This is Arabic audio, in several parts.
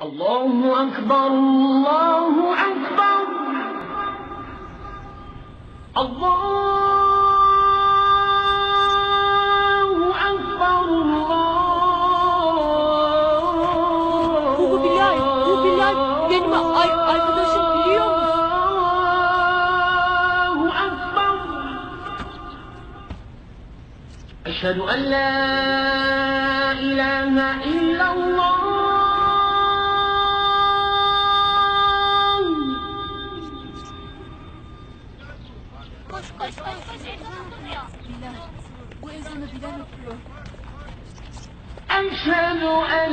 الله أكبر الله أكبر الله أكبر الله الله أكبر أشهد أن لا إله إلا الله koş koş koş Bu ezanı bilen okuyor. Eşhedü en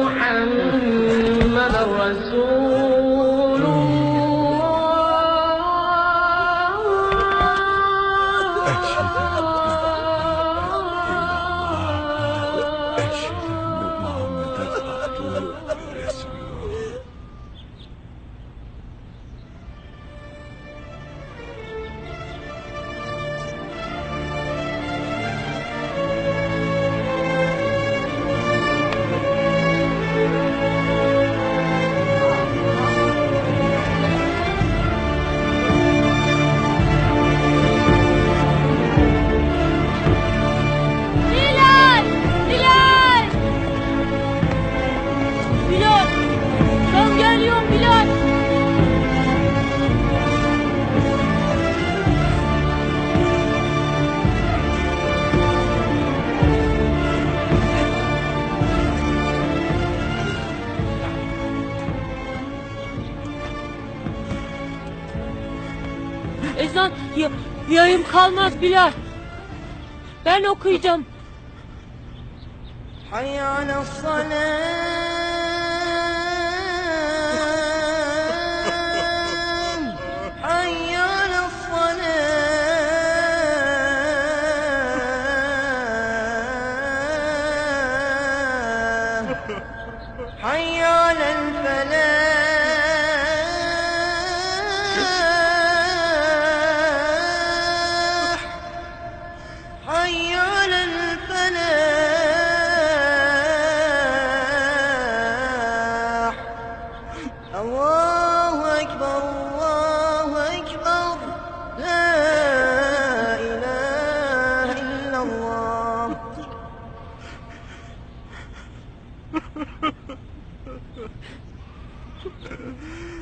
ezan ya, yayım kalmaz Bilal. Ben okuyacağım. Hayy ala salam. Hayy ala ハハハハ。